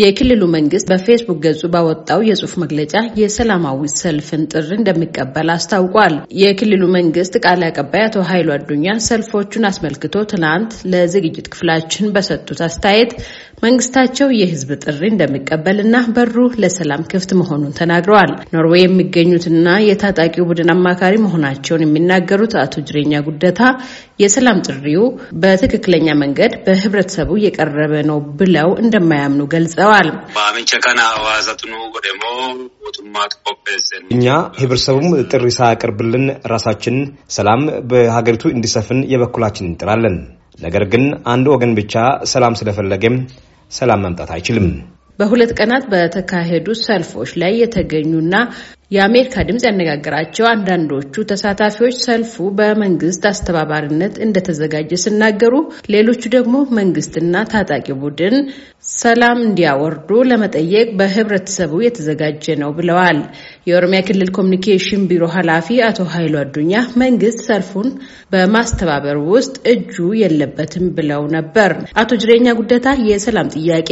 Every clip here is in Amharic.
የክልሉ መንግስት በፌስቡክ ገጹ ባወጣው የጽሁፍ መግለጫ የሰላማዊ ሰልፍን ጥሪ እንደሚቀበል አስታውቋል። የክልሉ መንግስት ቃል አቀባይ አቶ ኃይሉ አዱኛ ሰልፎቹን አስመልክቶ ትናንት ለዝግጅት ክፍላችን በሰጡት አስተያየት መንግስታቸው የህዝብ ጥሪ እንደሚቀበልና በሩ ለሰላም ክፍት መሆኑን ተናግረዋል። ኖርዌይ የሚገኙትና የታጣቂው ቡድን አማካሪ መሆናቸውን የሚናገሩት አቶ ጅሬኛ ጉደታ የሰላም ጥሪው በትክክለኛ መንገድ በህብረተሰቡ የቀረበ ነው ብለው እንደማያምኑ ገልጸዋል። እኛ ህብረተሰቡም ጥሪ ሳያቀርብልን ራሳችን ሰላም በሀገሪቱ እንዲሰፍን የበኩላችን እንጥራለን። ነገር ግን አንድ ወገን ብቻ ሰላም ስለፈለገም ሰላም መምጣት አይችልም። በሁለት ቀናት በተካሄዱ ሰልፎች ላይ የተገኙና የአሜሪካ ድምፅ ያነጋገራቸው አንዳንዶቹ ተሳታፊዎች ሰልፉ በመንግስት አስተባባሪነት እንደተዘጋጀ ሲናገሩ፣ ሌሎቹ ደግሞ መንግስትና ታጣቂ ቡድን ሰላም እንዲያወርዱ ለመጠየቅ በህብረተሰቡ የተዘጋጀ ነው ብለዋል። የኦሮሚያ ክልል ኮሚኒኬሽን ቢሮ ኃላፊ አቶ ኃይሉ አዱኛ መንግስት ሰልፉን በማስተባበር ውስጥ እጁ የለበትም ብለው ነበር። አቶ ጅሬኛ ጉደታ የሰላም ጥያቄ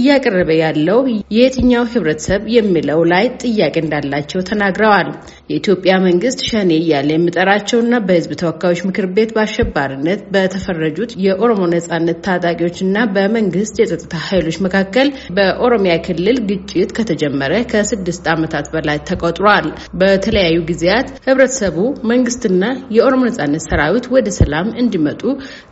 እያቀረበ ያለው የትኛው ህብረተሰብ የሚለው ላይ ጥያቄ እንዳላቸው መሆናቸው ተናግረዋል። የኢትዮጵያ መንግስት ሸኔ እያለ የሚጠራቸውና በህዝብ ተወካዮች ምክር ቤት በአሸባሪነት በተፈረጁት የኦሮሞ ነጻነት ታጣቂዎችና በመንግስት የጸጥታ ኃይሎች መካከል በኦሮሚያ ክልል ግጭት ከተጀመረ ከስድስት ዓመታት በላይ ተቆጥሯል። በተለያዩ ጊዜያት ህብረተሰቡ መንግስትና የኦሮሞ ነጻነት ሰራዊት ወደ ሰላም እንዲመጡ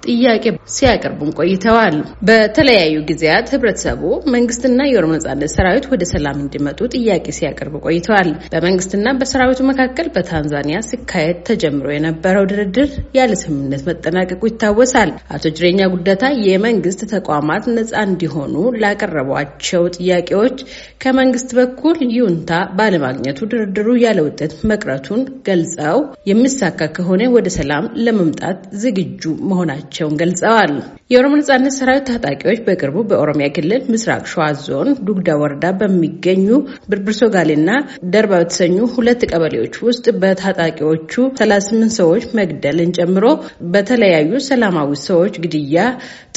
ጥያቄ ሲያቀርቡም ቆይተዋል። በተለያዩ ጊዜያት ህብረተሰቡ መንግስትና የኦሮሞ ነጻነት ሰራዊት ወደ ሰላም እንዲመጡ ጥያቄ ሲያቀርቡ ቆይተዋል። በመንግስትና በሰራዊቱ መካከል በታንዛኒያ ሲካሄድ ተጀምሮ የነበረው ድርድር ያለ ስምምነት መጠናቀቁ ይታወሳል። አቶ ጅሬኛ ጉደታ የመንግስት ተቋማት ነጻ እንዲሆኑ ላቀረቧቸው ጥያቄዎች ከመንግስት በኩል ይሁንታ ባለማግኘቱ ድርድሩ ያለ ውጤት መቅረቱን ገልጸው የሚሳካ ከሆነ ወደ ሰላም ለመምጣት ዝግጁ መሆናቸውን ገልጸዋል። የኦሮሞ ነጻነት ሰራዊት ታጣቂዎች በቅርቡ በኦሮሚያ ክልል ምስራቅ ሸዋ ዞን ዱግዳ ወረዳ በሚገኙ ብርብርሶ ጋሌና ደርባ በተሰኙ ሁለት ቀበሌዎች ውስጥ በታጣቂዎቹ 38 ሰዎች መግደልን ጨምሮ በተለያዩ ሰላማዊ ሰዎች ግድያ፣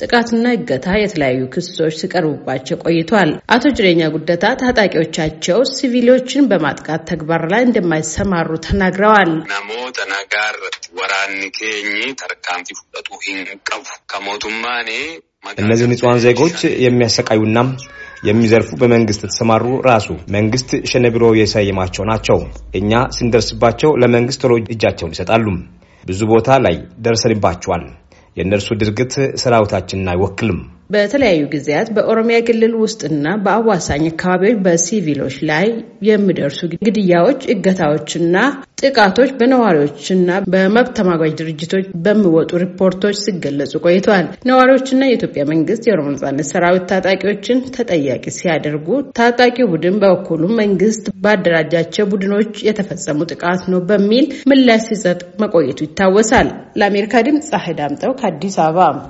ጥቃትና እገታ የተለያዩ ክሶች ሲቀርቡባቸው ቆይቷል። አቶ ጅሬኛ ጉደታ ታጣቂዎቻቸው ሲቪሎችን በማጥቃት ተግባር ላይ እንደማይሰማሩ ተናግረዋል። ናሞ ተናጋር ወራን ኬኝ ተርካንቲ ፍለጡ ሂንቀፉ ከሞቱም እነዚህ ንጹሐን ዜጎች የሚያሰቃዩና የሚዘርፉ በመንግስት የተሰማሩ ራሱ መንግስት ሸኔ ብሎ የሰየማቸው ናቸው። እኛ ስንደርስባቸው ለመንግስት ቶሎ እጃቸውን ይሰጣሉ። ብዙ ቦታ ላይ ደርሰንባቸዋል። የእነርሱ ድርግት ሰራዊታችንን አይወክልም። በተለያዩ ጊዜያት በኦሮሚያ ክልል ውስጥና በአዋሳኝ አካባቢዎች በሲቪሎች ላይ የሚደርሱ ግድያዎች፣ እገታዎችና ጥቃቶች በነዋሪዎችና በመብት ተሟጋች ድርጅቶች በሚወጡ ሪፖርቶች ሲገለጹ ቆይተዋል። ነዋሪዎችና የኢትዮጵያ መንግስት የኦሮሞ ነጻነት ሰራዊት ታጣቂዎችን ተጠያቂ ሲያደርጉ፣ ታጣቂው ቡድን በበኩሉ መንግስት ባደራጃቸው ቡድኖች የተፈጸሙ ጥቃት ነው በሚል ምላሽ ሲሰጥ መቆየቱ ይታወሳል። ለአሜሪካ ድምፅ ፀሐይ ዳምጠው ከአዲስ አበባ